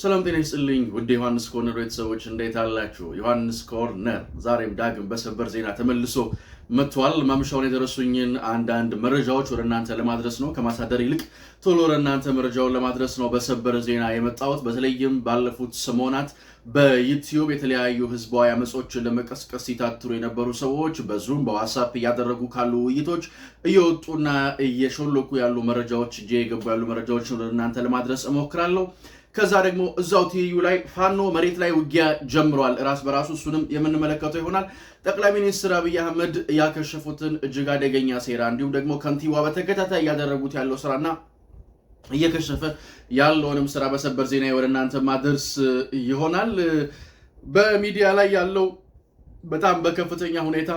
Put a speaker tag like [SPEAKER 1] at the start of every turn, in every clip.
[SPEAKER 1] ሰላም ጤና ይስጥልኝ ውድ ዮሐንስ ኮርነር ቤተሰቦች እንዴት አላችሁ? ዮሐንስ ኮርነር ዛሬም ዳግም በሰበር ዜና ተመልሶ መጥቷል። ማምሻውን የደረሱኝን አንዳንድ መረጃዎች ወደ እናንተ ለማድረስ ነው። ከማሳደር ይልቅ ቶሎ ወደ እናንተ መረጃውን ለማድረስ ነው በሰበር ዜና የመጣሁት። በተለይም ባለፉት ሰሞናት በዩትዩብ የተለያዩ ህዝባዊ አመጾችን ለመቀስቀስ ሲታትሩ የነበሩ ሰዎች በዙም በዋትሳፕ እያደረጉ ካሉ ውይይቶች እየወጡና እየሾለኩ ያሉ መረጃዎች እጄ የገቡ ያሉ መረጃዎችን ወደ እናንተ ለማድረስ እሞክራለሁ። ከዛ ደግሞ እዛው ትይዩ ላይ ፋኖ መሬት ላይ ውጊያ ጀምሯል ራስ በራሱ እሱንም የምንመለከተው ይሆናል። ጠቅላይ ሚኒስትር አብይ አህመድ ያከሸፉትን እጅግ አደገኛ ሴራ እንዲሁም ደግሞ ከንቲባ በተከታታይ እያደረጉት ያለው ስራና እየከሸፈ ያለውንም ስራ በሰበር ዜና ወደ እናንተ ማድረስ ይሆናል። በሚዲያ ላይ ያለው በጣም በከፍተኛ ሁኔታ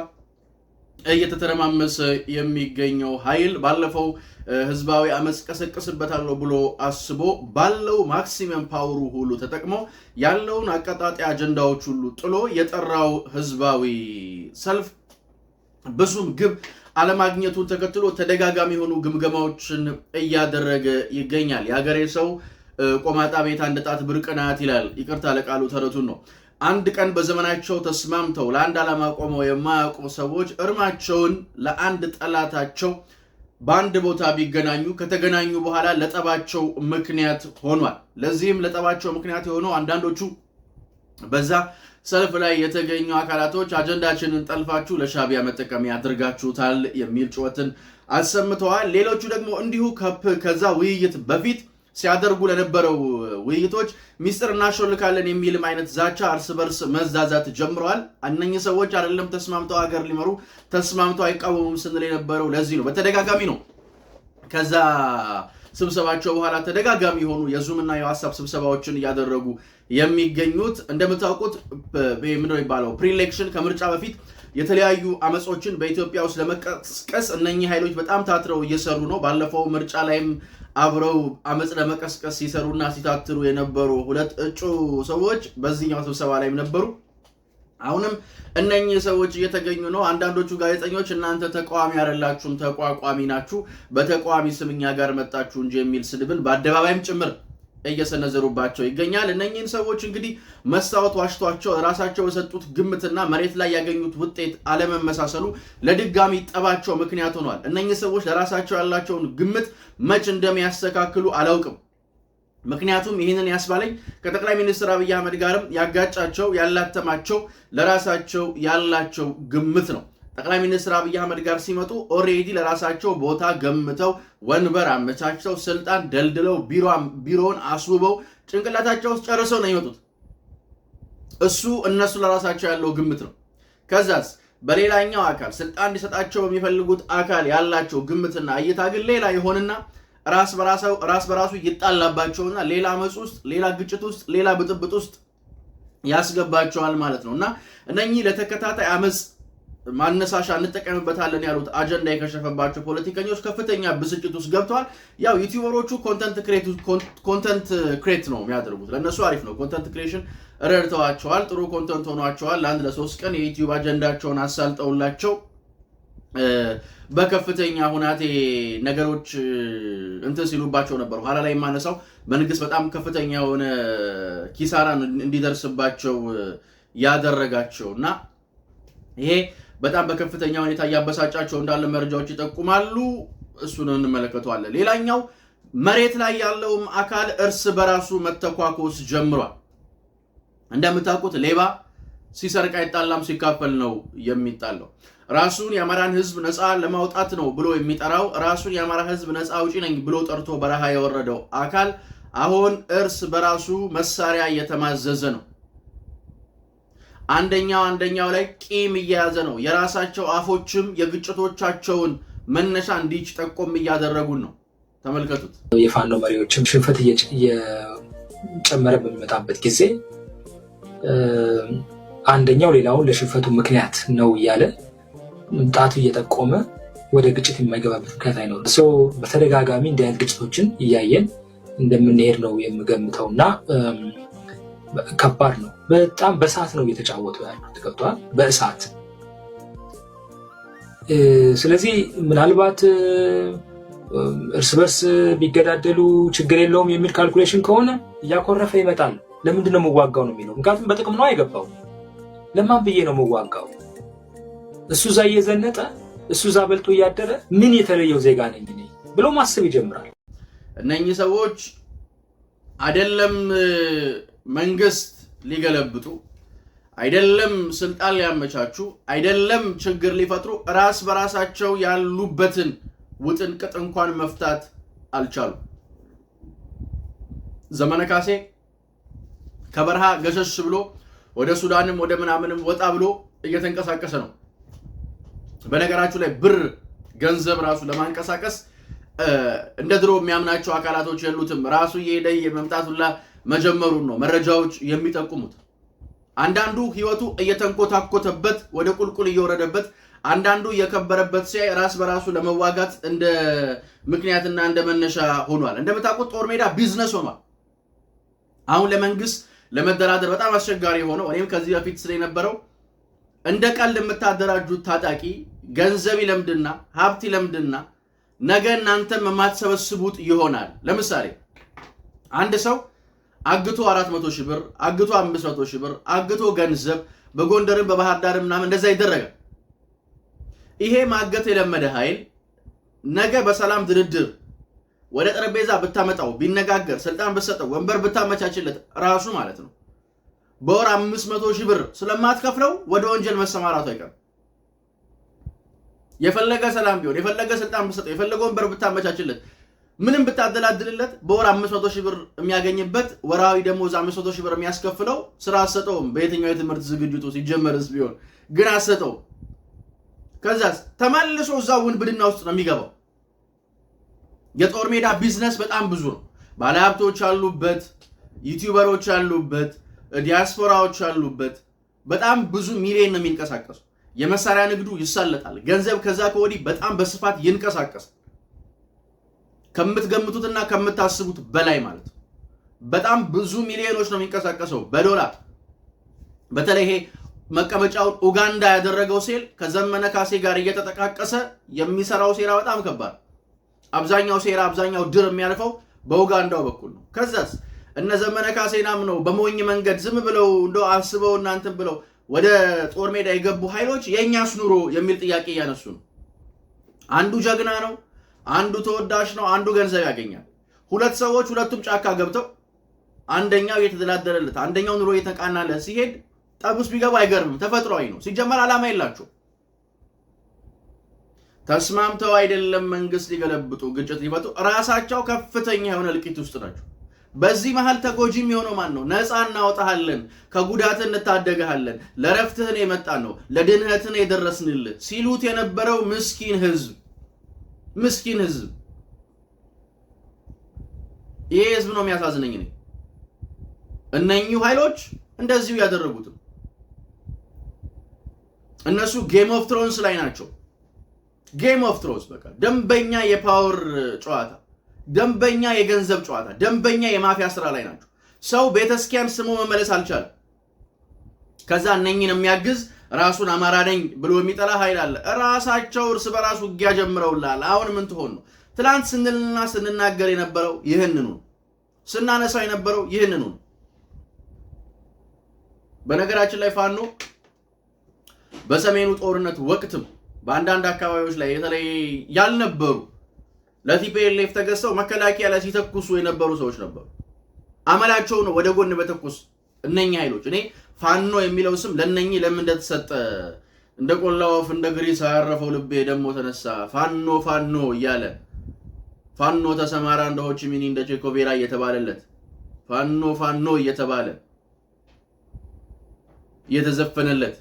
[SPEAKER 1] እየተተረማመሰ የሚገኘው ኃይል ባለፈው ህዝባዊ አመፅ ቀሰቀስበታለሁ ብሎ አስቦ ባለው ማክሲመም ፓወሩ ሁሉ ተጠቅሞ ያለውን አቀጣጣይ አጀንዳዎች ሁሉ ጥሎ የጠራው ህዝባዊ ሰልፍ ብዙም ግብ አለማግኘቱን ተከትሎ ተደጋጋሚ የሆኑ ግምገማዎችን እያደረገ ይገኛል። የሀገሬ ሰው ቆማጣ ቤት እንደጣት ብርቅናት ይላል። ይቅርታ ለቃሉ ተረቱን ነው አንድ ቀን በዘመናቸው ተስማምተው ለአንድ ዓላማ ቆመው የማያውቁ ሰዎች እርማቸውን ለአንድ ጠላታቸው በአንድ ቦታ ቢገናኙ ከተገናኙ በኋላ ለጠባቸው ምክንያት ሆኗል። ለዚህም ለጠባቸው ምክንያት የሆነው አንዳንዶቹ በዛ ሰልፍ ላይ የተገኙ አካላቶች አጀንዳችንን ጠልፋችሁ ለሻቢያ መጠቀሚያ አድርጋችሁታል የሚል ጩኸትን አሰምተዋል። ሌሎቹ ደግሞ እንዲሁ ከዛ ውይይት በፊት ሲያደርጉ ለነበረው ውይይቶች ሚስጥር እናሾልካለን የሚልም አይነት ዛቻ፣ እርስ በርስ መዛዛት ጀምረዋል። እነኚህ ሰዎች አይደለም ተስማምተው ሀገር ሊመሩ ተስማምተው አይቃወሙም ስንል የነበረው ለዚህ ነው። በተደጋጋሚ ነው ከዛ ስብሰባቸው በኋላ ተደጋጋሚ የሆኑ የዙም እና የዋትሳፕ ስብሰባዎችን እያደረጉ የሚገኙት። እንደምታውቁት ምንድነው የሚባለው ፕሪሌክሽን ከምርጫ በፊት የተለያዩ አመጾችን በኢትዮጵያ ውስጥ ለመቀስቀስ እነኚህ ኃይሎች በጣም ታትረው እየሰሩ ነው። ባለፈው ምርጫ ላይም አብረው አመፅ ለመቀስቀስ ሲሰሩና ሲታትሩ የነበሩ ሁለት እጩ ሰዎች በዚህኛው ስብሰባ ላይም ነበሩ። አሁንም እነኚህ ሰዎች እየተገኙ ነው። አንዳንዶቹ ጋዜጠኞች እናንተ ተቃዋሚ አይደላችሁም፣ ተቋቋሚ ናችሁ፣ በተቃዋሚ ስም እኛ ጋር መጣችሁ እንጂ የሚል ስድብን በአደባባይም ጭምር እየሰነዘሩባቸው ይገኛል። እነኚህን ሰዎች እንግዲህ መስታወት ዋሽቷቸው ራሳቸው የሰጡት ግምትና መሬት ላይ ያገኙት ውጤት አለመመሳሰሉ ለድጋሚ ጠባቸው ምክንያት ሆኗል። እነኚህ ሰዎች ለራሳቸው ያላቸውን ግምት መች እንደሚያስተካክሉ አላውቅም። ምክንያቱም ይህንን ያስባለኝ ከጠቅላይ ሚኒስትር አብይ አህመድ ጋርም ያጋጫቸው ያላተማቸው ለራሳቸው ያላቸው ግምት ነው። ጠቅላይ ሚኒስትር አብይ አህመድ ጋር ሲመጡ ኦሬዲ ለራሳቸው ቦታ ገምተው ወንበር አመቻችተው ስልጣን ደልድለው ቢሮውን አስውበው ጭንቅላታቸው ውስጥ ጨርሰው ነው የመጡት። እሱ እነሱ ለራሳቸው ያለው ግምት ነው። ከዛስ በሌላኛው አካል ስልጣን እንዲሰጣቸው በሚፈልጉት አካል ያላቸው ግምትና እይታ ግን ሌላ ይሆንና ራስ በራሱ ይጣላባቸውና ሌላ አመፅ ውስጥ፣ ሌላ ግጭት ውስጥ፣ ሌላ ብጥብጥ ውስጥ ያስገባቸዋል ማለት ነው እና እነኚህ ለተከታታይ አመፅ ማነሳሻ እንጠቀምበታለን ያሉት አጀንዳ የከሸፈባቸው ፖለቲከኞች ከፍተኛ ብስጭት ውስጥ ገብተዋል። ያው ዩቲዩበሮቹ ኮንተንት ክሬት ነው የሚያደርጉት፣ ለእነሱ አሪፍ ነው። ኮንተንት ክሬሽን ረድተዋቸዋል፣ ጥሩ ኮንተንት ሆኗቸዋል። ለአንድ ለሶስት ቀን የዩቲዩብ አጀንዳቸውን አሳልጠውላቸው በከፍተኛ ሁናቴ ነገሮች እንትን ሲሉባቸው ነበር። ኋላ ላይ የማነሳው መንግስት በጣም ከፍተኛ የሆነ ኪሳራን እንዲደርስባቸው ያደረጋቸው እና ይሄ በጣም በከፍተኛ ሁኔታ እያበሳጫቸው እንዳለ መረጃዎች ይጠቁማሉ። እሱን እንመለከተዋለን። ሌላኛው መሬት ላይ ያለውም አካል እርስ በራሱ መተኳኮስ ጀምሯል። እንደምታውቁት ሌባ ሲሰርቅ አይጣላም፣ ሲካፈል ነው የሚጣለው። ራሱን የአማራን ሕዝብ ነፃ ለማውጣት ነው ብሎ የሚጠራው ራሱን የአማራ ሕዝብ ነፃ አውጪ ነኝ ብሎ ጠርቶ በረሃ የወረደው አካል አሁን እርስ በራሱ መሳሪያ እየተማዘዘ ነው። አንደኛው አንደኛው ላይ ቂም እየያዘ ነው። የራሳቸው አፎችም የግጭቶቻቸውን መነሻ እንዲች ጠቆም እያደረጉን ነው። ተመልከቱት። የፋኖ መሪዎችም ሽንፈት እየጨመረ በሚመጣበት ጊዜ አንደኛው ሌላውን ለሽንፈቱ ምክንያት ነው እያለ ጣቱ እየጠቆመ ወደ ግጭት የማይገባበት ምክንያት አይኖርም። ሰው በተደጋጋሚ እንዲህ አይነት ግጭቶችን እያየን እንደምንሄድ ነው የምገምተው እና ከባድ ነው። በጣም በእሳት ነው እየተጫወቱ ያሉት ገብተዋል። በእሳት ስለዚህ ምናልባት እርስ በርስ ቢገዳደሉ ችግር የለውም የሚል ካልኩሌሽን ከሆነ እያኮረፈ ይመጣል። ለምንድን ነው የምዋጋው ነው የሚለው። ምክንያቱም በጥቅም ነው አይገባው። ለማን ብዬ ነው የምዋጋው? እሱ እዛ እየዘነጠ እሱ እዛ በልቶ እያደረ ምን የተለየው ዜጋ ነኝ ብሎ ማሰብ ይጀምራል። እነኚህ ሰዎች አይደለም መንግስት ሊገለብጡ አይደለም ስልጣን ሊያመቻቹ አይደለም ችግር ሊፈጥሩ ራስ በራሳቸው ያሉበትን ውጥንቅጥ እንኳን መፍታት አልቻሉ። ዘመነ ካሴ ከበረሃ ገሸሽ ብሎ ወደ ሱዳንም ወደ ምናምንም ወጣ ብሎ እየተንቀሳቀሰ ነው። በነገራችሁ ላይ ብር ገንዘብ ራሱ ለማንቀሳቀስ እንደ ድሮ የሚያምናቸው አካላቶች የሉትም። ራሱ እየሄደ የመምጣቱላ መጀመሩን ነው መረጃዎች የሚጠቁሙት። አንዳንዱ ህይወቱ እየተንኮታኮተበት ወደ ቁልቁል እየወረደበት፣ አንዳንዱ የከበረበት ሲያይ ራስ በራሱ ለመዋጋት እንደ ምክንያትና እንደ መነሻ ሆኗል። እንደምታውቁት ጦር ሜዳ ቢዝነስ ሆኗል። አሁን ለመንግስት ለመደራደር በጣም አስቸጋሪ የሆነው እኔም ከዚህ በፊት ስለነበረው እንደ ቀልድ የምታደራጁት ታጣቂ ገንዘብ ይለምድና ሀብት ይለምድና ነገ እናንተም የማትሰበስቡት ይሆናል። ለምሳሌ አንድ ሰው አግቶ 400 ሺህ ብር አግቶ 500 ሺህ ብር አግቶ ገንዘብ በጎንደርም በባህር ዳርም ምናምን እንደዛ ይደረጋል። ይሄ ማገት የለመደ ኃይል ነገ በሰላም ድርድር ወደ ጠረጴዛ ብታመጣው ቢነጋገር ስልጣን ብትሰጠው ወንበር ብታመቻችለት ራሱ ማለት ነው በወር 500 ሺህ ብር ስለማትከፍለው ወደ ወንጀል መሰማራቱ አይቀርም። የፈለገ ሰላም ቢሆን የፈለገ ስልጣን ብትሰጠው የፈለገ ወንበር ብታመቻችለት ምንም ብታደላድልለት በወር 500 ሺህ ብር የሚያገኝበት ወራዊ ደሞዝ 500 ሺህ ብር የሚያስከፍለው ስራ አሰጠውም። በየትኛው የትምህርት ዝግጅቱ ሲጀመርስ ቢሆን ግን አሰጠው። ከዛስ ተመልሶ እዛ ውንብድና ውስጥ ነው የሚገባው። የጦር ሜዳ ቢዝነስ በጣም ብዙ ነው። ባለሀብቶች አሉበት፣ ዩቲዩበሮች አሉበት፣ ዲያስፖራዎች አሉበት። በጣም ብዙ ሚሊዮን ነው የሚንቀሳቀሱ። የመሳሪያ ንግዱ ይሳለጣል። ገንዘብ ከዛ ከወዲህ በጣም በስፋት ይንቀሳቀሳል። ከምትገምቱትና ከምታስቡት በላይ ማለት ነው። በጣም ብዙ ሚሊዮኖች ነው የሚንቀሳቀሰው በዶላር በተለይ ይሄ መቀመጫውን ኡጋንዳ ያደረገው ሴል ከዘመነ ካሴ ጋር እየተጠቃቀሰ የሚሰራው ሴራ በጣም ከባድ። አብዛኛው ሴራ አብዛኛው ድር የሚያልፈው በኡጋንዳው በኩል ነው። ከዛስ እነ ዘመነ ካሴናም ነው በሞኝ መንገድ ዝም ብለው እንደ አስበው እናንትን ብለው ወደ ጦር ሜዳ የገቡ ኃይሎች የእኛስ ኑሮ የሚል ጥያቄ እያነሱ ነው። አንዱ ጀግና ነው፣ አንዱ ተወዳሽ ነው፣ አንዱ ገንዘብ ያገኛል። ሁለት ሰዎች ሁለቱም ጫካ ገብተው አንደኛው እየተደላደለለት፣ አንደኛው ኑሮ እየተቃናለት ሲሄድ ጠቡስ ቢገባ አይገርምም። ተፈጥሯዊ ነው። ሲጀመር ዓላማ የላቸው ተስማምተው አይደለም መንግስት ሊገለብጡ ግጭት ሊፈቱ ራሳቸው ከፍተኛ የሆነ እልቂት ውስጥ ናቸው። በዚህ መሀል ተጎጂም የሚሆነው ማን ነው? ነፃ እናወጣሃለን፣ ከጉዳት እንታደገሃለን፣ ለረፍትህን የመጣን ነው፣ ለድህነትን የደረስንልህ ሲሉት የነበረው ምስኪን ህዝብ ምስኪን ህዝብ። ይሄ ህዝብ ነው የሚያሳዝነኝ እኔ። እነኚሁ ኃይሎች እንደዚሁ ያደረጉት? እነሱ ጌም ኦፍ ትሮንስ ላይ ናቸው። ጌም ኦፍ ትሮንስ በቃ ደንበኛ የፓወር ጨዋታ፣ ደንበኛ የገንዘብ ጨዋታ፣ ደንበኛ የማፊያ ስራ ላይ ናቸው። ሰው ቤተስኪያን ስሙ መመለስ አልቻለም። ከዛ እነኝን የሚያግዝ ራሱን አማራ ነኝ ብሎ የሚጠላ ኃይል አለ። ራሳቸው እርስ በራሱ ውጊያ ጀምረውላል። አሁን ምን ትሆን ነው? ትላንት ስንልና ስንናገር የነበረው ይህንኑ ስናነሳው የነበረው ይህንኑ በነገራችን ላይ ፋኖ በሰሜኑ ጦርነት ወቅትም በአንዳንድ አካባቢዎች ላይ የተለይ ያልነበሩ ለቲፒኤልኤፍ ተገዝተው መከላከያ ላይ ሲተኩሱ የነበሩ ሰዎች ነበሩ። አመላቸው ነው ወደ ጎን በተኩስ እነኛ ኃይሎች እኔ ፋኖ የሚለው ስም ለነኚህ ለምን እንደተሰጠ እንደ ቆላ ወፍ እንደ ግሪስ ያረፈው ልቤ ደግሞ ተነሳ። ፋኖ ፋኖ እያለ ፋኖ ተሰማራ እንደ ሆችሚኒ እንደ ቼኮቬራ እየተባለለት ፋኖ ፋኖ እየተባለ እየተዘፈነለት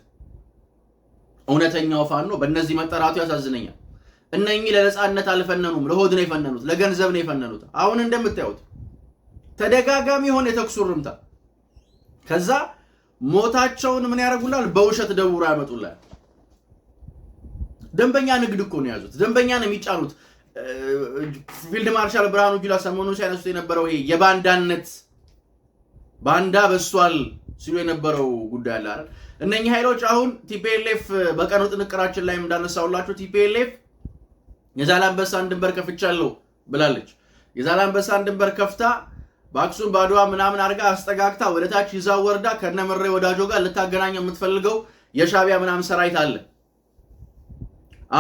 [SPEAKER 1] እውነተኛው ፋኖ በእነዚህ መጠራቱ ያሳዝነኛል። እነኚህ ለነፃነት አልፈነኑም፣ ለሆድ ነው የፈነኑት፣ ለገንዘብ ነው የፈነኑት። አሁን እንደምታዩት ተደጋጋሚ የሆነ የተኩስ ርምታ ከዛ ሞታቸውን ምን ያደርጉላል? በውሸት ደውሮ ያመጡላል። ደንበኛ ንግድ እኮ ነው የያዙት፣ ደንበኛ ነው የሚጫኑት። ፊልድ ማርሻል ብርሃኑ ጁላ ሰሞኑን ሲያነሱት የነበረው ይሄ የባንዳነት ባንዳ በሷል ሲሉ የነበረው ጉዳይ አለ አይደል? እነኚህ ኃይሎች አሁን ቲፒኤልኤፍ በቀኑ ጥንቅራችን ላይ እንዳነሳውላችሁ ቲፒኤልኤፍ የዛላንበሳን ድንበር ከፍቻለሁ ብላለች። የዛላንበሳን ድንበር ከፍታ በአክሱም በአድዋ ምናምን አድርጋ አስጠጋግታ ወደታች ይዛ ወርዳ ከነምሬ ወዳጆ ጋር ልታገናኝ የምትፈልገው የሻቢያ ምናምን ሰራዊት አለ።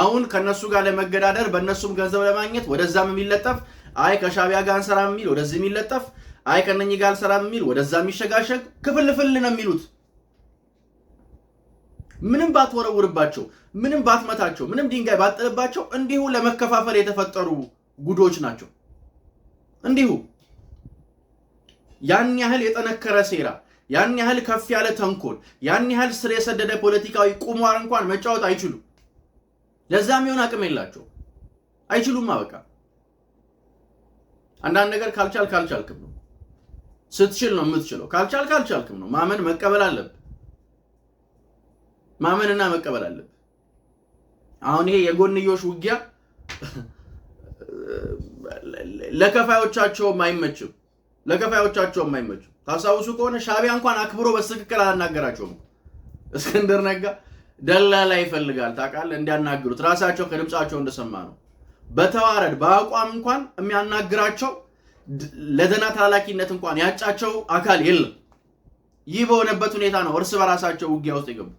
[SPEAKER 1] አሁን ከነሱ ጋር ለመገዳደር በእነሱም ገንዘብ ለማግኘት ወደዛም የሚለጠፍ አይ ከሻቢያ ጋር አንሰራም የሚል ወደዚህ የሚለጠፍ አይ ከነኚህ ጋር አልሰራም የሚል ወደዛ የሚሸጋሸግ ክፍልፍል ነው የሚሉት። ምንም ባትወረውርባቸው፣ ምንም ባትመታቸው፣ ምንም ድንጋይ ባትጥልባቸው እንዲሁ ለመከፋፈል የተፈጠሩ ጉዶች ናቸው እንዲሁ ያን ያህል የጠነከረ ሴራ፣ ያን ያህል ከፍ ያለ ተንኮል፣ ያን ያህል ስር የሰደደ ፖለቲካዊ ቁማር እንኳን መጫወት አይችሉም። ለዛ የሚሆን አቅም የላቸው አይችሉም። አበቃ። አንዳንድ ነገር ካልቻል ካልቻልክም ነው ስትችል ነው የምትችለው። ካልቻል ካልቻልክም ነው ማመን መቀበል አለብ። ማመንና መቀበል አለብ። አሁን ይሄ የጎንዮሽ ውጊያ ለከፋዮቻቸውም አይመችም። ለከፋዮቻቸው የማይመቹ ታስታውሱ ከሆነ ሻቢያ እንኳን አክብሮ በትክክል አላናገራቸውም። እስክንድር ነጋ ደላላ ይፈልጋል ታውቃለህ፣ እንዲያናግሩት ራሳቸው ከድምፃቸው እንደሰማ ነው። በተዋረድ በአቋም እንኳን የሚያናግራቸው ለዘና ተላላኪነት እንኳን ያጫቸው አካል የለም። ይህ በሆነበት ሁኔታ ነው እርስ በራሳቸው ውጊያ ውስጥ ይገቡ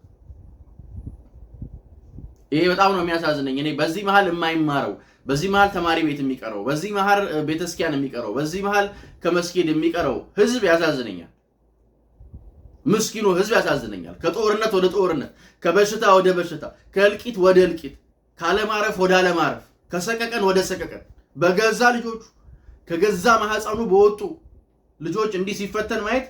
[SPEAKER 1] ይሄ በጣም ነው የሚያሳዝነኝ። እኔ በዚህ መሀል የማይማረው በዚህ መሀል ተማሪ ቤት የሚቀረው በዚህ መሀል ቤተስኪያን የሚቀረው በዚህ መሀል ከመስጊድ የሚቀረው ህዝብ ያሳዝነኛል። ምስኪኑ ህዝብ ያሳዝነኛል። ከጦርነት ወደ ጦርነት፣ ከበሽታ ወደ በሽታ፣ ከእልቂት ወደ እልቂት፣ ካለማረፍ ወደ አለማረፍ፣ ከሰቀቀን ወደ ሰቀቀን በገዛ ልጆቹ ከገዛ ማህፀኑ በወጡ ልጆች እንዲህ ሲፈተን ማየት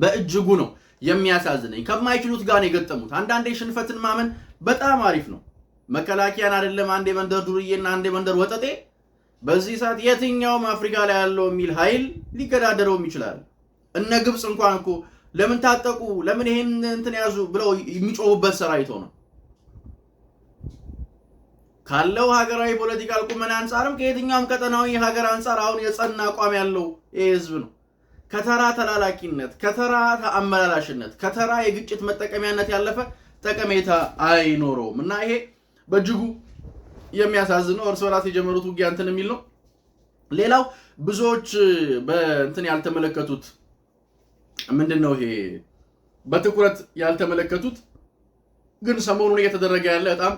[SPEAKER 1] በእጅጉ ነው የሚያሳዝነኝ። ከማይችሉት ጋር ነው የገጠሙት። አንዳንዴ ሽንፈትን ማመን በጣም አሪፍ ነው። መከላከያን አይደለም አንድ የመንደር ዱርዬና አንድ መንደር ወጠጤ በዚህ ሰዓት የትኛውም አፍሪካ ላይ ያለው የሚል ኃይል ሊገዳደረውም ይችላል። እነ ግብፅ እንኳን እኮ ለምን ታጠቁ፣ ለምን ይሄን እንትን ያዙ ብለው የሚጮሁበት ሰራዊት ነው። ካለው ሀገራዊ ፖለቲካል ቁመን አንጻርም ከየትኛውም ቀጠናዊ ሀገር አንጻር አሁን የጸና አቋም ያለው ይህ ህዝብ ነው። ከተራ ተላላኪነት፣ ከተራ አመላላሽነት፣ ከተራ የግጭት መጠቀሚያነት ያለፈ ጠቀሜታ አይኖረውም እና ይሄ በእጅጉ የሚያሳዝነው እርስ በራስ የጀመሩት ውጊያ እንትን የሚል ነው። ሌላው ብዙዎች በእንትን ያልተመለከቱት ምንድን ነው ይሄ በትኩረት ያልተመለከቱት ግን ሰሞኑን እየተደረገ ያለ በጣም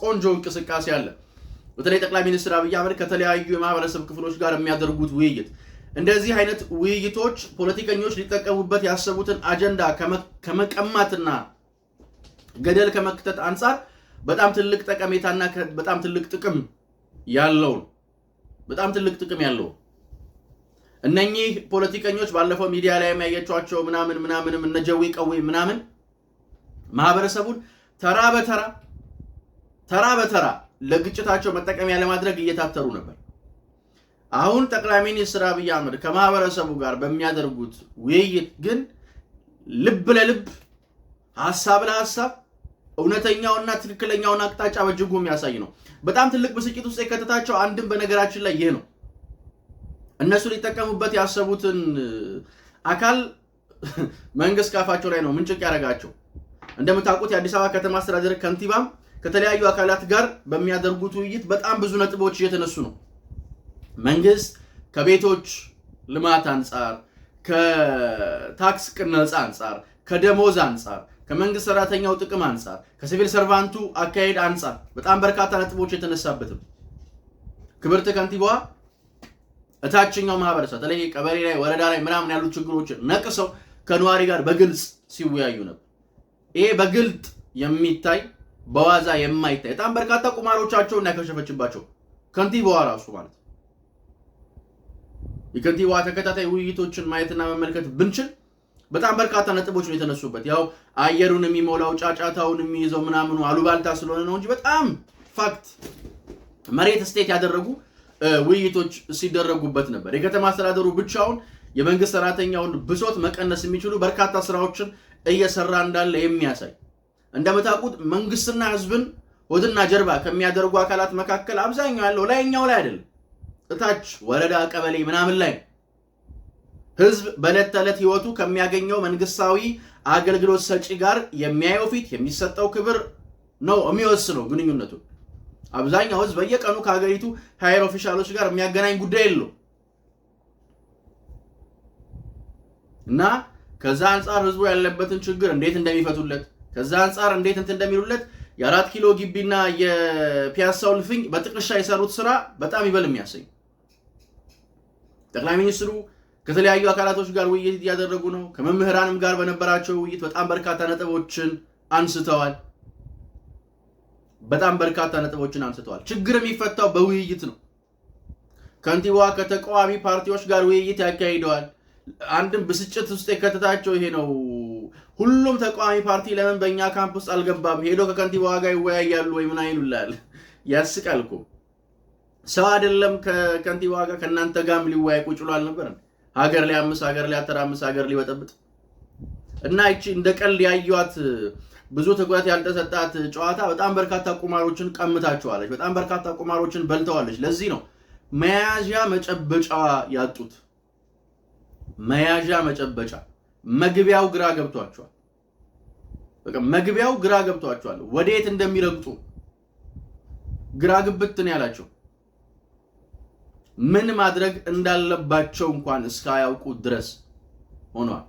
[SPEAKER 1] ቆንጆ እንቅስቃሴ አለ። በተለይ ጠቅላይ ሚኒስትር አብይ አህመድ ከተለያዩ የማህበረሰብ ክፍሎች ጋር የሚያደርጉት ውይይት እንደዚህ አይነት ውይይቶች ፖለቲከኞች ሊጠቀሙበት ያሰቡትን አጀንዳ ከመቀማትና ገደል ከመክተት አንጻር በጣም ትልቅ ጠቀሜታና በጣም ትልቅ ጥቅም ያለው በጣም ትልቅ ጥቅም ያለው እነኚህ ፖለቲከኞች ባለፈው ሚዲያ ላይ የሚያያቸዋቸው ምናምን ምናምንም እነጀዊ ቀዊ ምናምን ማህበረሰቡን ተራ በተራ ተራ በተራ ለግጭታቸው መጠቀሚያ ለማድረግ እየታተሩ ነበር። አሁን ጠቅላይ ሚኒስትር አብይ አህመድ ከማህበረሰቡ ጋር በሚያደርጉት ውይይት ግን ልብ ለልብ ሀሳብ ለሀሳብ እውነተኛውና ትክክለኛውን አቅጣጫ በእጅጉ የሚያሳይ ነው። በጣም ትልቅ ብስጭት ውስጥ የከተታቸው አንድም በነገራችን ላይ ይህ ነው። እነሱ ሊጠቀሙበት ያሰቡትን አካል መንግስት ካፋቸው ላይ ነው ምንጭቅ ያደረጋቸው። እንደምታውቁት የአዲስ አበባ ከተማ አስተዳደር ከንቲባም ከተለያዩ አካላት ጋር በሚያደርጉት ውይይት በጣም ብዙ ነጥቦች እየተነሱ ነው። መንግስት ከቤቶች ልማት አንጻር፣ ከታክስ ቅነጻ አንጻር፣ ከደሞዝ አንጻር ከመንግስት ሰራተኛው ጥቅም አንጻር፣ ከሲቪል ሰርቫንቱ አካሄድ አንጻር በጣም በርካታ ነጥቦች የተነሳበትም ክብርት ከንቲባዋ እታችኛው ማህበረሰብ በተለይ ቀበሌ ላይ ወረዳ ላይ ምናምን ያሉ ችግሮችን ነቅሰው ከነዋሪ ጋር በግልጽ ሲወያዩ ነበር። ይሄ በግልጥ የሚታይ በዋዛ የማይታይ በጣም በርካታ ቁማሮቻቸውን ያከሸፈችባቸው ከንቲባዋ ራሱ ማለት የከንቲባዋ ተከታታይ ውይይቶችን ማየትና መመልከት ብንችል በጣም በርካታ ነጥቦች ነው የተነሱበት። ያው አየሩን የሚሞላው ጫጫታውን የሚይዘው ምናምኑ አሉባልታ ስለሆነ ነው እንጂ በጣም ፋክት መሬት ስቴት ያደረጉ ውይይቶች ሲደረጉበት ነበር። የከተማ አስተዳደሩ ብቻውን የመንግስት ሰራተኛውን ብሶት መቀነስ የሚችሉ በርካታ ስራዎችን እየሰራ እንዳለ የሚያሳይ እንደምታውቁት መንግስትና ህዝብን ሆድና ጀርባ ከሚያደርጉ አካላት መካከል አብዛኛው ያለው ላይኛው ላይ አይደለም፣ እታች ወረዳ፣ ቀበሌ ምናምን ላይ ህዝብ በዕለት ተዕለት ህይወቱ ከሚያገኘው መንግስታዊ አገልግሎት ሰጪ ጋር የሚያየው ፊት፣ የሚሰጠው ክብር ነው የሚወስነው ግንኙነቱ። አብዛኛው ህዝብ በየቀኑ ከሀገሪቱ ሀይር ኦፊሻሎች ጋር የሚያገናኝ ጉዳይ የለው እና ከዛ አንጻር ህዝቡ ያለበትን ችግር እንዴት እንደሚፈቱለት ከዛ አንጻር እንዴት እንትን እንደሚሉለት የአራት ኪሎ ግቢና የፒያሳው ልፍኝ በጥቅሻ የሰሩት ስራ በጣም ይበል የሚያሰኝ ጠቅላይ ሚኒስትሩ ከተለያዩ አካላቶች ጋር ውይይት እያደረጉ ነው። ከመምህራንም ጋር በነበራቸው ውይይት በጣም በርካታ ነጥቦችን አንስተዋል። በጣም በርካታ ነጥቦችን አንስተዋል። ችግር የሚፈታው በውይይት ነው። ከንቲባዋ ከተቃዋሚ ፓርቲዎች ጋር ውይይት ያካሂደዋል። አንድም ብስጭት ውስጥ የከተታቸው ይሄ ነው። ሁሉም ተቃዋሚ ፓርቲ ለምን በእኛ ካምፕ ውስጥ አልገባም? ሄዶ ከከንቲባዋ ጋር ይወያያሉ ወይ ምን አይሉላል? ያስቃል እኮ ሰው አይደለም። ከከንቲባዋ ጋር ከእናንተ ጋርም ሊወያይ ቁጭ ብሎ አልነበረም ሀገር ሊያምስ፣ ሀገር ሊያተራምስ፣ ሀገር ሊበጠብጥ እና ይቺ እንደ ቀልድ ያዩዋት ብዙ ትኩረት ያልተሰጣት ጨዋታ በጣም በርካታ ቁማሮችን ቀምታቸዋለች። በጣም በርካታ ቁማሮችን በልተዋለች። ለዚህ ነው መያዣ መጨበጫዋ ያጡት። መያዣ መጨበጫ መግቢያው ግራ ገብቷቸዋል። በቃ መግቢያው ግራ ገብቷቸዋል። ወዴት እንደሚረግጡ ግራ ግብትን ያላቸው ምን ማድረግ እንዳለባቸው እንኳን እስካያውቁ ድረስ ሆኗል።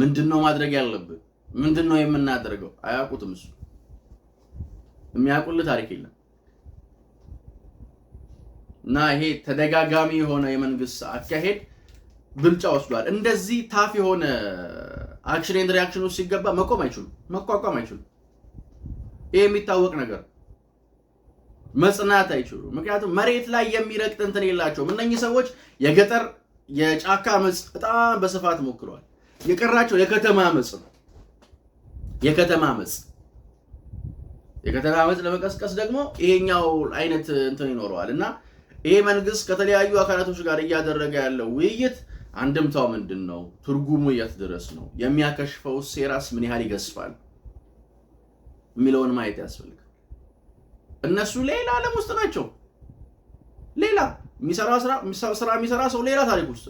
[SPEAKER 1] ምንድነው ማድረግ ያለብን? ምንድነው የምናደርገው? አያውቁትም። እሱ የሚያውቁልህ ታሪክ የለም። እና ይሄ ተደጋጋሚ የሆነ የመንግስት አካሄድ ብልጫ ወስዷል። እንደዚህ ታፍ የሆነ አክሽን ኤንድ ሪያክሽን ውስጥ ሲገባ መቆም አይችሉም፣ መቋቋም አይችሉም። ይሄ የሚታወቅ ነገር መጽናት አይችሉም። ምክንያቱም መሬት ላይ የሚረግጥ እንትን የላቸውም። እነኚህ ሰዎች የገጠር የጫካ አመፅ በጣም በስፋት ሞክረዋል። የቀራቸው የከተማ አመፅ ነው። የከተማ አመፅ የከተማ አመፅ ለመቀስቀስ ደግሞ ይሄኛው አይነት እንትን ይኖረዋል እና ይሄ መንግስት ከተለያዩ አካላቶች ጋር እያደረገ ያለው ውይይት አንድምታው ምንድን ነው? ትርጉሙ የት ድረስ ነው? የሚያከሽፈው ሴራስ ምን ያህል ይገስፋል የሚለውን ማየት ያስፈልጋል። እነሱ ሌላ ዓለም ውስጥ ናቸው። ሌላ የሚሰራ ስራ የሚሰራ ሰው ሌላ ታሪክ ውስጥ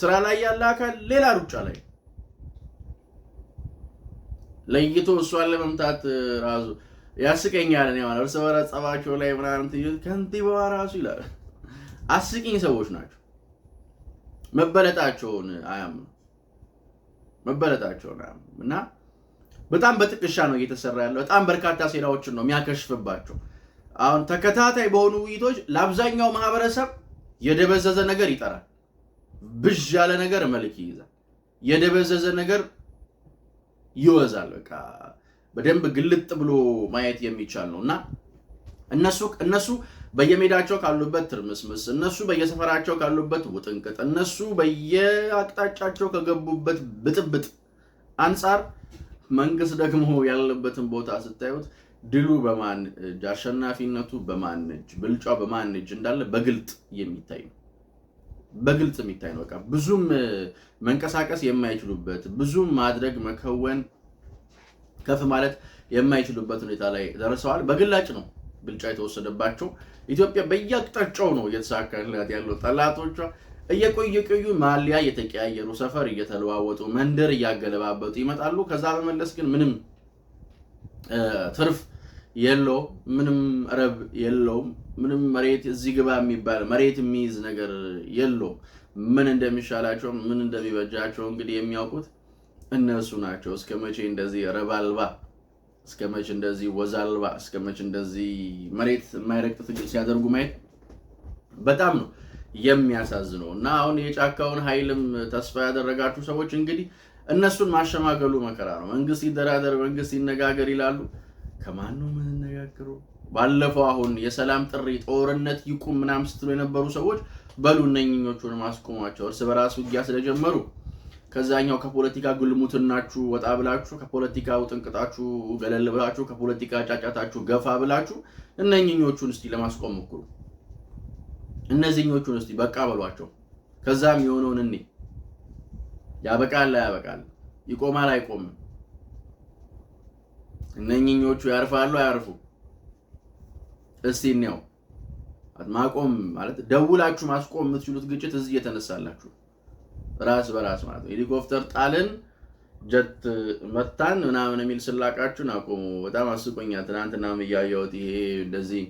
[SPEAKER 1] ስራ ላይ ያለ አካል ሌላ ሩጫ ላይ ለይቶ እሷን ለመምታት ራሱ ያስቀኛል። እኔ ማለት እርስ በርስ ጸባቸው ላይ ምናምን ትይዩት ከንቲባዋ ራሱ ይላል። አስቂኝ ሰዎች ናቸው። መበለጣቸውን አያምኑ መበለጣቸውን አያምኑ እና በጣም በጥቅሻ ነው እየተሰራ ያለው። በጣም በርካታ ሴራዎችን ነው የሚያከሽፍባቸው። አሁን ተከታታይ በሆኑ ውይይቶች ለአብዛኛው ማህበረሰብ የደበዘዘ ነገር ይጠራል። ብዥ ያለ ነገር መልክ ይይዛል። የደበዘዘ ነገር ይወዛል። በቃ በደንብ ግልጥ ብሎ ማየት የሚቻል ነው እና እነሱ እነሱ በየሜዳቸው ካሉበት ትርምስምስ፣ እነሱ በየሰፈራቸው ካሉበት ውጥንቅጥ፣ እነሱ በየአቅጣጫቸው ከገቡበት ብጥብጥ አንጻር መንግስት ደግሞ ያለበትን ቦታ ስታዩት ድሉ በማን እጅ፣ አሸናፊነቱ በማን እጅ፣ ብልጫው በማን እጅ እንዳለ በግልጥ የሚታይ ነው። በግልጽ የሚታይ ነው። በቃ ብዙም መንቀሳቀስ የማይችሉበት ብዙም ማድረግ መከወን ከፍ ማለት የማይችሉበት ሁኔታ ላይ ደርሰዋል። በግላጭ ነው ብልጫ የተወሰደባቸው። ኢትዮጵያ በየአቅጣጫው ነው እየተሳካላት ያለው ጠላቶቿ እየቆየ ቆዩ ማሊያ እየተቀያየሩ ሰፈር እየተለዋወጡ መንደር እያገለባበጡ ይመጣሉ። ከዛ በመለስ ግን ምንም ትርፍ የለው፣ ምንም ረብ የለውም፣ ምንም መሬት እዚህ ግባ የሚባል መሬት የሚይዝ ነገር የለውም። ምን እንደሚሻላቸው ምን እንደሚበጃቸው እንግዲህ የሚያውቁት እነሱ ናቸው። እስከ መቼ እንደዚህ ረብ አልባ፣ እስከ መቼ እንደዚህ ወዝ አልባ፣ እስከ መቼ እንደዚህ መሬት የማይረግጥ ትግል ሲያደርጉ ማየት በጣም ነው የሚያሳዝነው እና አሁን የጫካውን ኃይልም ተስፋ ያደረጋችሁ ሰዎች እንግዲህ እነሱን ማሸማገሉ መከራ ነው። መንግስት ይደራደር፣ መንግስት ይነጋገር ይላሉ። ከማን ነው የምንነጋገረው? ባለፈው አሁን የሰላም ጥሪ ጦርነት ይቁም ምናምን ስትሉ የነበሩ ሰዎች በሉ እነኝኞቹን ማስቆሟቸው እርስ በራስ ውጊያ ስለጀመሩ ከዛኛው ከፖለቲካ ግልሙትናችሁ ወጣ ብላችሁ ከፖለቲካ ውጥንቅጣችሁ ገለል ብላችሁ ከፖለቲካ ጫጫታችሁ ገፋ ብላችሁ እነኝኞቹን እስቲ ለማስቆም እኩሉ እነዚህኞቹን እስቲ በቃ በሏቸው። ከዛም የሆነውን እኔ ያበቃል አያበቃል፣ ይቆማል አይቆምም፣ እነኝኞቹ ያርፋሉ አያርፉ፣ እስቲ እንያው። ማቆም ማለት ደውላችሁ ማስቆም የምትችሉት ግጭት እዚህ እየተነሳላችሁ ራስ በራስ ማለት ነው። ሄሊኮፕተር ጣልን ጀት መታን ምናምን የሚል ስላቃችሁን አቆሙ። በጣም አስቆኛ ትናንትና እያየሁት ይሄ እንደዚህ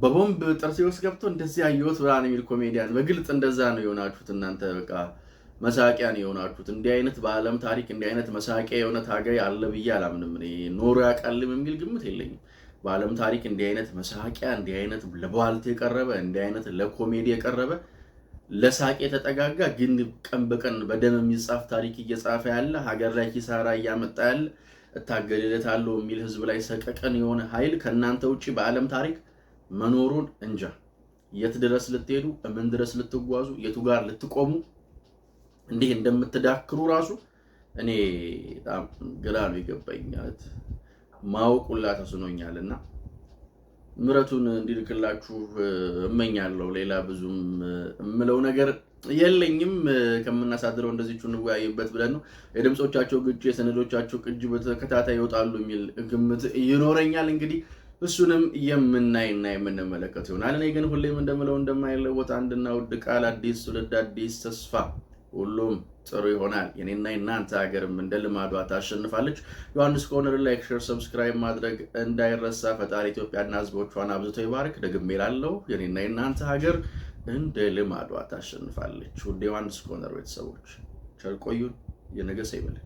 [SPEAKER 1] በቦምብ ጥርሴ ውስጥ ገብቶ እንደዚህ ያየሁት ብርሃን የሚል ኮሜዲያን በግልጽ እንደዛ ነው የሆናችሁት እናንተ በቃ መሳቂያ ነው የሆናችሁት። እንዲህ አይነት በዓለም ታሪክ እንዲህ አይነት መሳቂያ የሆነ ታጋይ አለ ብዬ አላምንም። እኔ ኖሮ ያቀልም የሚል ግምት የለኝም። በዓለም ታሪክ እንዲህ አይነት መሳቂያ፣ እንዲህ አይነት ለቧልት የቀረበ እንዲህ አይነት ለኮሜዲ የቀረበ ለሳቅ የተጠጋጋ ግን ቀን በቀን በደም የሚጻፍ ታሪክ እየጻፈ ያለ ሀገር ላይ ኪሳራ እያመጣ ያለ እታገልለታለሁ የሚል ህዝብ ላይ ሰቀቀን የሆነ ኃይል ከእናንተ ውጭ በዓለም ታሪክ መኖሩን እንጃ። የት ድረስ ልትሄዱ ምን ድረስ ልትጓዙ የቱ ጋር ልትቆሙ እንዲህ እንደምትዳክሩ ራሱ እኔ በጣም ግራ ነው የገባኝ። ማለት ማወቅ ሁላ ተስኖኛል እና ምሕረቱን እንዲልክላችሁ እመኛለሁ። ሌላ ብዙም እምለው ነገር የለኝም። ከምናሳድረው እንደዚች እንወያይበት ብለን ነው። የድምፆቻቸው ግጭ የሰነዶቻቸው ቅጅ በተከታታይ ይወጣሉ የሚል ግምት ይኖረኛል እንግዲህ እሱንም የምናይና የምንመለከት ይሆናል። እኔ ግን ሁሌም እንደምለው እንደማይለወጥ አንድና ውድ ቃል አዲስ ትውልድ አዲስ ተስፋ ሁሉም ጥሩ ይሆናል። የኔና የናንተ ሀገርም እንደ ልማዷ ታሸንፋለች። ዮሐንስ ኮርነር ላይክ፣ ሼር፣ ሰብስክራይብ ማድረግ እንዳይረሳ። ፈጣሪ ኢትዮጵያና ሕዝቦቿን አብዝቶ ይባርክ። ደግሜ ላለው የኔና የናንተ ሀገር እንደ ልማዷ ታሸንፋለች። ውድ ዮሐንስ ኮርነር ቤተሰቦች ቸር ቆዩን። የነገ ሰው ይበለን።